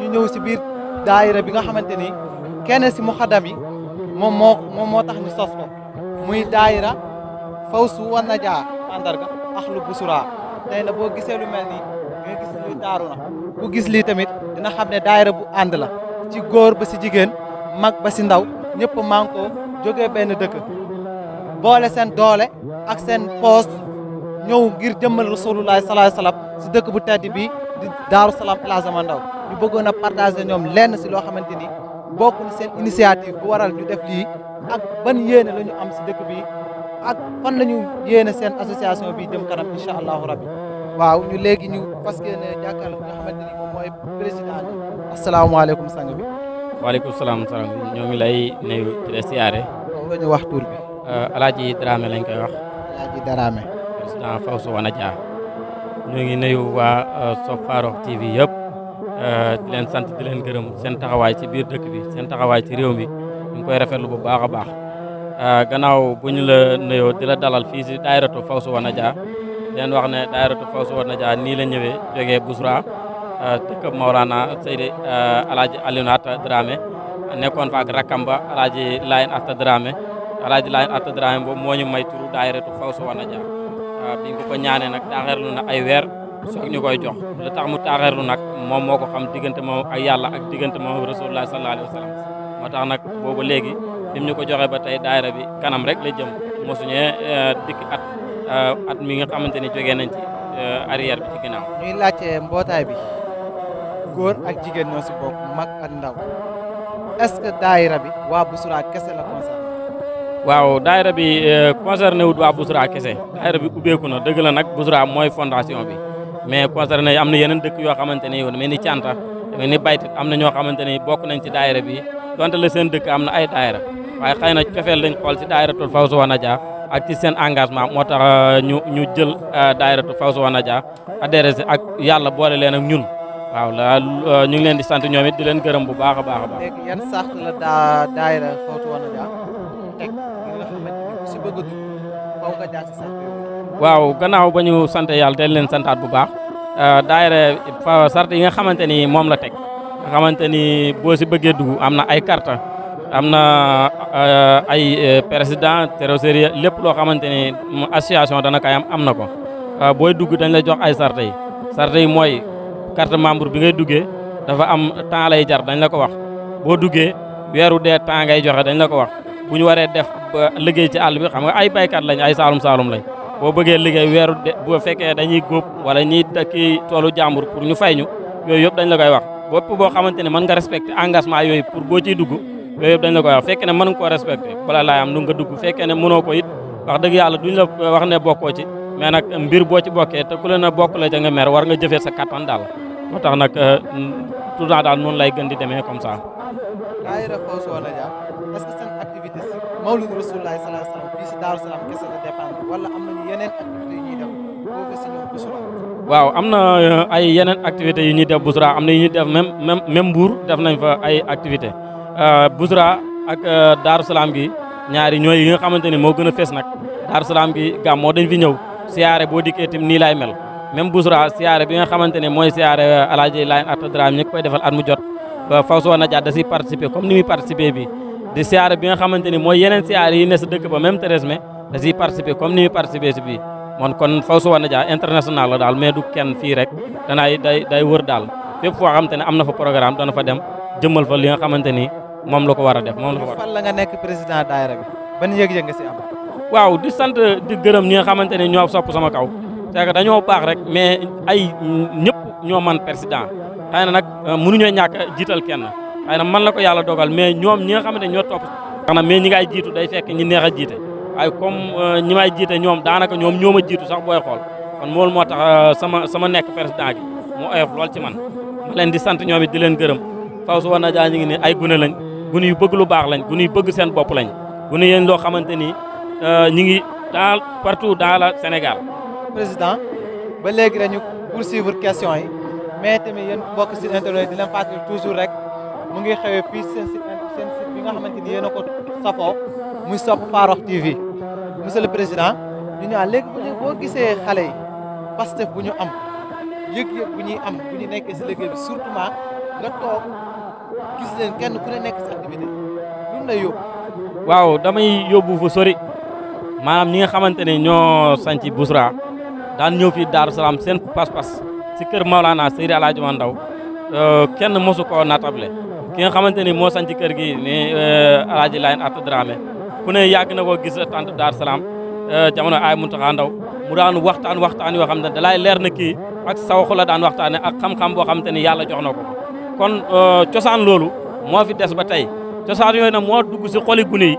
ñu ñëw si biir daayira bi nga xamante ni kenn si moom moo moom moo tax ñu sos ko muy daayira Fawzu wa Najaa mandarga axlu busura tey na boo gisee lu mel gis luy taaru na ku gis lii tamit dina xam ne daayira bu ànd la ci góor ba si jigéen mag ba si ndaw ñëpp manko jógee benn dëkk boole seen doole ak seen poste ñëw ngir jëmmal rasulullah salaay salaam si dëkk bu tedd bi di daaru salaam Plaza Mandaw ñu bëggoon a partager ñoom lenn si loo xamante ni bokk na seen initiative bu waral ñu def lii ak ban yéene lañu am si dëkk bi ak fan la ñu yéene seen association bii jëm kanam incha allahu rabbi waaw ñu léegi ñu parce que ne jàkkaarloo nga xamante moom mooy président bi asalaamaaleykum sang bi. waaleykum salaam sang ñoo ngi lay nuyu di siyaare. nga ñu wax tur bi. Euh, Alaaji Dramé lañ koy wax. président Fawzou Wanadia ñoo ngi nuyu waa euh, Sope Farokh TV yëpp euh, di leen sant di leen gërëm seen taxawaay ci biir dëkk bi seen taxawaay ci réew mi ñu ngi koy rafetlu bu baax a baax euh, gannaaw bu ñu la nuyoo di la dalal fii si daayiratu Fawzou Wanadia leen wax ne daayiratu Fawzou jaa nii la ñëwee jógee Bousra dëkk Maolana Seydi Alaaji Alioune Atta Dramé nekkoon fa ak rakkam ba Alaaji Layen Atta Dramé Alaaji Layen Atta Dramé boobu moo may turu daayiratu Fawzou waaw ah, biñ ko ko ñaanee nag taaxeerlu ay weer soog ñu koy jox lu tax mu taaxeerlu nag moom moo ko xam diggante moom ak yàlla ak diggante moom rasulullah sallallahu alayhi wa sallam moo tax nag boobu léegi bi ñu ko joxee ba tey daayira bi kanam rek la jëm mosuñee eh, dikk at eh, at mi nga xamante ni jógee nañ ci eh, arrière bi ci ginnaaw. ñuy laajte mbootaay bi góor ak jigéen ñoo si bokk mag ak ndaw est bi waa Boussoura kese la concerné. waaw daayira bi euh, concerné wut waa Bousra kese daayira bi ubbeeku na dëgg la nag Bousra mooy fondation bi mais concerné am na yeneen dëkk yoo xamante ne yow mel ni Canta mel ni Baytit am na ñoo xamante ne bokk nañ ci daayira bi donte la seen dëkk am na ay daayira waaye xëy na cofeel lañ xool ci daayiratul Fawzul Wanadia ak ci seen engagement moo tax euh, ñu ñu jël euh, daayiratul Fawzul a adhéré si ak yàlla boole leen ak ñun waaw la ñu ngi leen di sant ñoom it di leen gërëm bu baax a baax Eh, waaw gannaaw ba ñu sant yàlla del leen santaat bu baax euh, daayira fa sart yi nga xamante ni moom la teg xamante ni boo si bëggee dugg am na ay carte am na euh, ay euh, président trésorier lépp loo xamante ni association dana kay am am na ko booy dugg dañ la jox ay sart yi sart yi mooy carte membre bi ngay duggee dafa am temps lay jar dañ la ko wax boo duggee weeru dee temps ngay joxe dañ la ko wax bu ñu waree def liggéey ci àll bi xam nga ay kat lañ ay saalum saalum lañ boo bëggee liggéey weeru de bu fekkee dañuy góob wala ñuy kii toolu jàmbur pour ñu fay ñu yooyu yëpp dañ la koy wax bopp boo xamante ne man nga respecté engagement yooyu pour boo ciy dugg yooyu yëpp dañ la koy wax fekkee ne mën nga koo respecté wala laay am lu nga dugg fekkee ne mënoo ko it wax dëgg yàlla duñ la wax ne bokkoo ci mais nag mbir boo ci bokkee te ku la na bokk la ca nga mer war nga jëfee sa kattan daal moo tax nag euh, tout daal noonu lay gën di demee comme ça mawlid rasulullahi waaw am na euh, ay yeneen activités yu ñuy def Boussoura am na yu ñuy def même même même Mbour def nañ fa ay activité euh, Boussoura ak euh, Daaru Salaam gi ñaari ñooy yi nga xamante ni moo gën a fees nag Daaru Salaam gi moo dañ fi ñëw siyaare boo dikkee tim nii laay mel même Boussoura siyaare bi nga xamante ne mooy siyaare alaaji Laayeen Atta Dramé ñi koy defal at mu jot Faw na Nadia da siy participer comme ni muy participer bi di siyaare bi nga xamante ni mooy yenen siyaare yi ne sa dëkk ba même treize mai da siy participer comme ni muy participer si bii moom kon Fawzul Wanadia international la daal mais du kenn fii rek danaay day day wër daal fépp foo xamante ne am na fa programme dana fa dem jëmmal fa li nga xamante ni moom la ko war a def moom la nga nekk président daayira bi ban nga si am. waaw di sant di gërëm ñi nga xamante ne ñoo sopp sama kaw c'est que dañoo baax rek mais ay ñëpp ñoo man président xëy na nag euh, mënuñoo ñàkk jiital kenn. xëy na man la ko yàlla dogal mais ñoom ñi nga xamante ñoo topp tax na mais ñi ngay jiitu day fekk ñi neex a jiite waaye comme euh, ñi may jiite ñoom daanaka ñoom ñoo ma jiitu sax booy xool kon moolu moo tax euh, sama sama nekk président gi mu oyof lool ci man ma leen di sant ñoom it di leen gërëm faw su na jaa ñu ngi ne ay gune lañ gune yu bëgg lu baax lañ gune yu bëgg seen bopp lañ gune yéen loo xamante ni euh, ñi ngi dans partout dans le Sénégal président ba léegi rek ñu poursuivre question yi mais mu ngi xewee fii seen site nga xamante ni yéen a ko safoo muy sopp Farokh TV monsieur le président ñu ñaa ah, léegi bu ñu boo gisee xale yi Pastef bu ñu am yëg-yëg bu ñuy am bu ñu si liggéey bi surtout nga toog gis leen kenn ku ne nekk si activité lu lay waaw damay yóbbu fu sori maanaam ñi nga xamante ni ñoo sanc Bousra daan ñëw fii Daaru Salaam seen pas-pas si kër Maolana Seydi Alaaji Mandaw euh, kenn mosu koo natable ki nga xamante ni moo sanc kër gi ni euh, alaaji Layène Atta Dramé ku ne yàgg na koo gis tant Dar Salaam euh, jamono ay Muntaxa Ndaw mu daan waxtaan waxtaan yoo xam ne dalaay leer na ki ak sawxu la daan waxtaane ak xam-xam boo xamante ni yàlla jox na ko kon euh, cosaan loolu moo fi des ba tey cosaan yooyu na moo dugg si xoli gune yi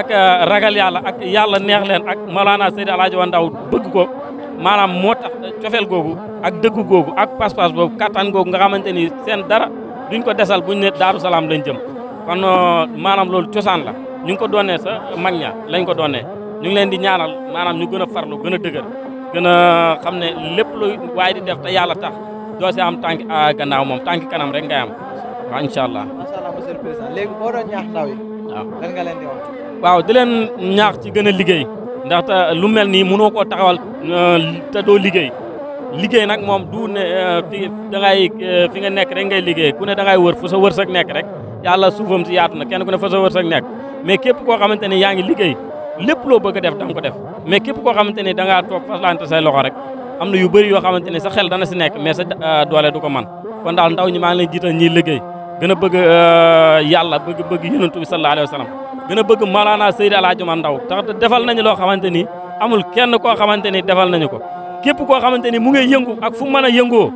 ak ragal yàlla ak yàlla neex leen ak Maulana Seydi Alaaji wa Ndaw bëgg ko maanaam moo tax cofeel googu ak dëgg googu ak pas-pas boobu kattan googu duñ ko desal buñ ne daaru salaam lañ jëm kon euh, maanaam loolu cosaan la ñu ngi ko doonee sa mag ña lañ ko doonee ñu ngi leen di ñaanal maanaam ñu gën a farlu gën a dëgër gën a xam ne lépp lu waaye di def te yàlla ta doo si am tànk ah, gannaaw moom tànk kanam rek ngay am waaw incha allah. incha waaw lan leen ñaax ci gën a liggéey ndaxte lu mel nii mënoo koo taxawal euh, te doo liggéey. liggéey nag moom du ne euh, fi da ngay euh, nekk rek ngay liggéey ku ne da ngay wër fu sa wërsëg nekk rek yàlla suufam si yaatu na kenn ku ne fa sa wërsëg nekk mais képp koo xamante ne yaa liggéey lépp loo bëgg def da nga def mais képp koo xamante ni danga ngaa toog faslante say loxo rek am na yu bëri yoo xamante ni sa xel dana si nekk mais sa euh, doole du ko man kon daal ndaw ñi maa ngi leen jiital ñiy liggéey gën bëgg yàlla bëgg bëgg yonent bi sallallahu alayhi wa sallam gën a bëgg maalaana Seydi Alaaji Umar Ndaw tax defal nañu loo xamante ni amul kenn koo xamante ni defal nañu ko képp koo xamante ni mu ngay yëngu ak fu mën a yëngoo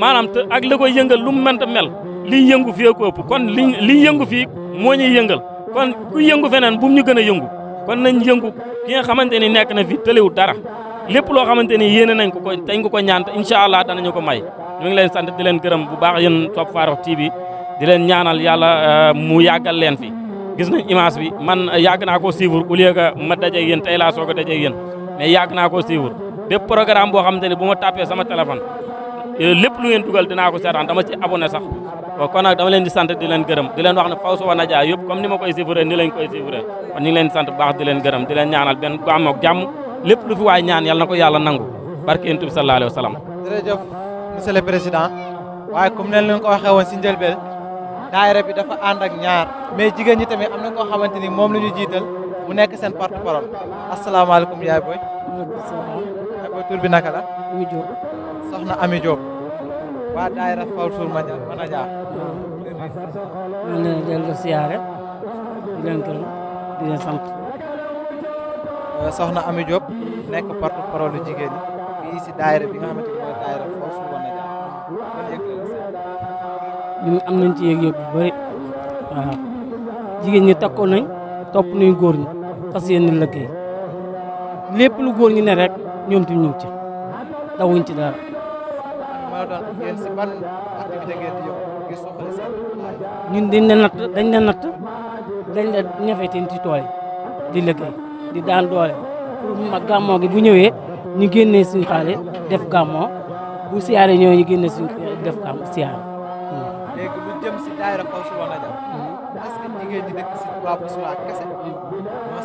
maanaam te ak la koy yëngal lu mu mënta mel liy yëngu fii ko ëpp kon li liy yëngu fii moo ñuy yëngal kon ku yëngu feneen bu ñu gën a yëngu kon nañ yëngu ki nga xamante ni nekk na fi tëlewut dara lépp loo xamante ni yéene nañ ko ko dañ ko ko ñaan te incha allah danañu ko may ñu ngi leen sant di leen gërëm bu baax yéen Top Farokh TV di leen ñaanal yàlla euh, mu yàggal leen fi gis nañ image bi man yàgg naa koo suivre au lieu que ma dajeeg yéen tey laa soog a dajeeg yéen mais yàgg naa koo bépp programme boo xamante ne bu ma tàppee sama téléphone lépp lu ngeen dugal dinaa ko seetaan dama ci abonné sax kon nag dama leen sant di gërëm di leen wax ne Fawzia wa Nadia yëpp comme ni ma koy suivre ni lañ koy suivre kon ñu ngi sant bu baax gërëm di ñaanal benn gàmm ak lépp lu fi waay ñaan yal ko yàlla nangu barke yonent bi sallallahu alayhi wa sallam jërëjëf monsieur le président leen ko ñu jiital mu nekk seen porte tour bi naka la. Ami Diop. soxna Ami Diop. waa daayira Fawzul Manajaa Manajaa. maa ngi leen di siyaare di leen gërëm di leen sant. soxna Ami job nek porte parole jigen bi ci si bi nga xamante ni mooy daayira Fawzul Manajaa. ñu am nañ ci yeg yeb bu bëri waaw ñi takko nañ top nañ goor ñi fas yéene liggéey lépp lu góor ñi ne rek ñoom tamit ñu ci dawuñ ci dara. ñun dañ ne natt dañ ne natt dañ ne ñafeteen ci tool yi di liggéey di daan doole pour ma gàmmoo gi bu ñëwee ñu génnee suñu xaalis def gàmmoo bu siyaaree ñëwee ñu génnee suñu def gàmmoo siyaare. léegi lu jëm si daayira Faw Soulou Nadiame est-ce que jigéen ñi dëkk si waa Faw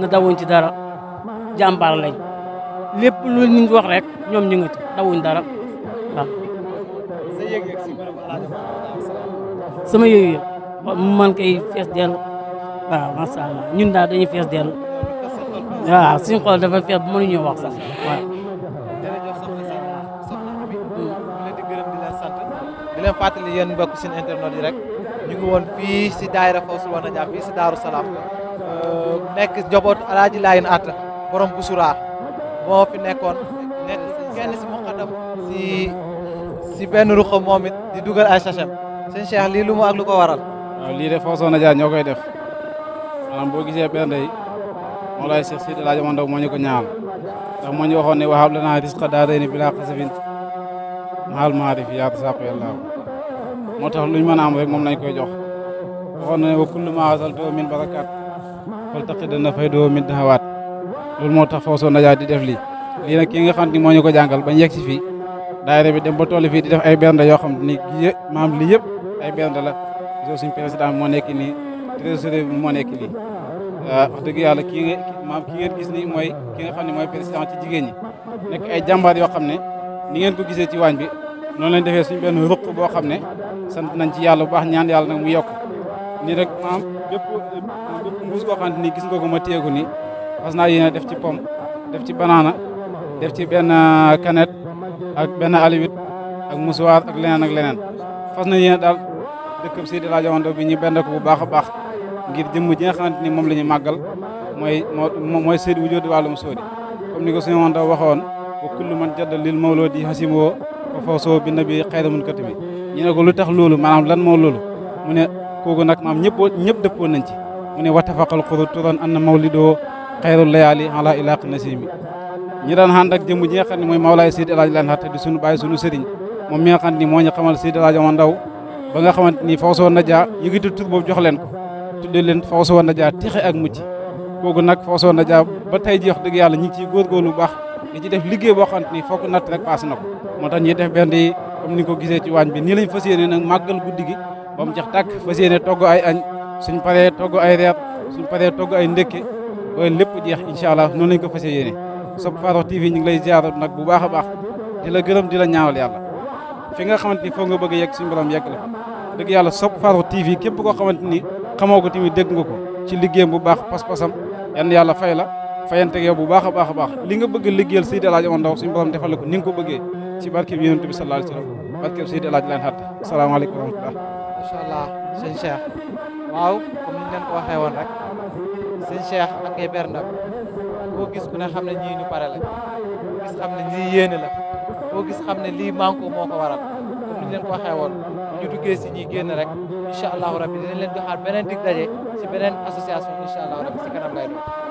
na dawuñ ci dara jàmbaar lañ lepp lu ñu wax rek ñom ñu ngi dawuñ dara sama yoy man kay fess del ma sha Allah ñun da dañu fess del wa suñ xol dafa fess bu ñu wax sax waaw di leen fatali yeen mbokk suñ internet yi rek ñu won fi ci daaira fawsul wana jaa fi ci Daaru Salaam nek jobot alaaji Laayeen Atta borom Busura moo fi nekkoon nekk kenn si muqaddam si ci benn ruqam moom it di duggal ay sachem seigne Cheikh li lu mu ak lu ko waral. li def de Fawzul Wanadia ñoo def maanaam bo gisee ben day mo lay Cheikh Sidi Alaaji Mandaw moo ñu ko ñaan da mo ñu waxone wa waxaab lanaa risqa daarayni bilaa xasafin maarif ya rasul allah moo tax luñ mën a am rek moom nañ koy jox waxoon na ne wa kullu ma wasaltoo min barakat fal taqi dana faydoo min dahawaat loolu moo tax Fawzul Najaat di def li lii nag ki nga xam ne moo ñu ko jàngal bañ yegg si fii daayira bi dem ba toll fii di def ay bernde yoo xam ni maam li yëpp ay bernde la gisoo suñ président bi moo nekk ni trésorier bi moo nekk nii wax dëgg yàlla kii nga maam ki ngeen gis ni mooy ki nga xam ne mooy président ci jigéen ñi ay jàmbaar yoo xam ne ni ngeen ko gisee ci waañ bi noonu lañ defee suñ benn ruq boo xam ne sant nañ ci yàlla bu baax ñaan yàlla nag mu yokk ni rek maam bépp bépp mbuus ni gis nga ko ma téyeku ni fas naa yéene def ci pom def ci banaana def ci benn euh, canette ak benn aliwit ak musuwaar ak leneen ak leneen fas na yéene daal dëkkam si bi ñu bend ko bu baax baax ngir jëmm ji nga ni moom la ñu màggal mooy mooy seedi wu jóodi wàllum soodi comme ni ko suñu wando waxoon wa kullu man jadda lil faosoo bi nabi xayra munkatibi ñu ne ko lu tax loolu maanaam lan moo loolu mu ne kooku nag maam ñëpp ñëpp dëppoo nañ ci mu ne watafaqal xuru turan anna mawlidoo xayru layaali ala ilaq nasimi ñi daan ànd ak jëmm ji nga xam ne mooy mawlaay Seydi El Hadji di sunu sunu sëriñ moom mi nga xam ne moo xamal Seydi El Ndaw ba nga xamante ni faosoo nadia yëgiti tur boobu jox ko tuddee leen faosoo nadia texe ak mucc kooku nag di ci def liggéey boo xam ni foog natt rek paas na ko moo tax ñuy def benn yi comme ni ko gisee ci waañ bi nii lañ fas yéene nag màggal guddi gi ba mu jeex tàkk fas yéene togg ay añ suñ paree togg ay reer suñ paree togg ay ndékke ba lépp jeex incha allah noonu lañ ko fas yéene Sope Farokh TV ñu ngi lay ziar nag bu baax a baax di la gërëm di la ñaawal yàlla fi nga xamante foo nga bëgg a yegg suñu borom yegg la dëgg yàlla Sope Farokh TV képp koo xamante ni xamoo ko tamit dégg nga ko ci liggéeyam bu baax pas-pasam yan yàlla fay la fayante ak yow bu baakha baakha baax li nga bëgg liggéeyal sayyid El Hadji Ndaw suñu borom defal ko ni nga ko bëggee ci barke bi yoonte bi sallallahu alayhi wasallam barke sayyid Seydi lan hatta assalamu alaykum wa rahmatullah inshallah sen Cheikh waaw comme ni leen ko waxee won rek sen Cheikh ak ay berndam boo gis ku ne xam ñi ñu paré la gis xam ñi yéene la boo gis xam li manko moko waral comme ni leen ko waxee won ñu duggé ci ñi génn rek inshallah rabbi dinañ leen doxal benen dig dajé ci benen association inshallah rabbi ci kanam lay doon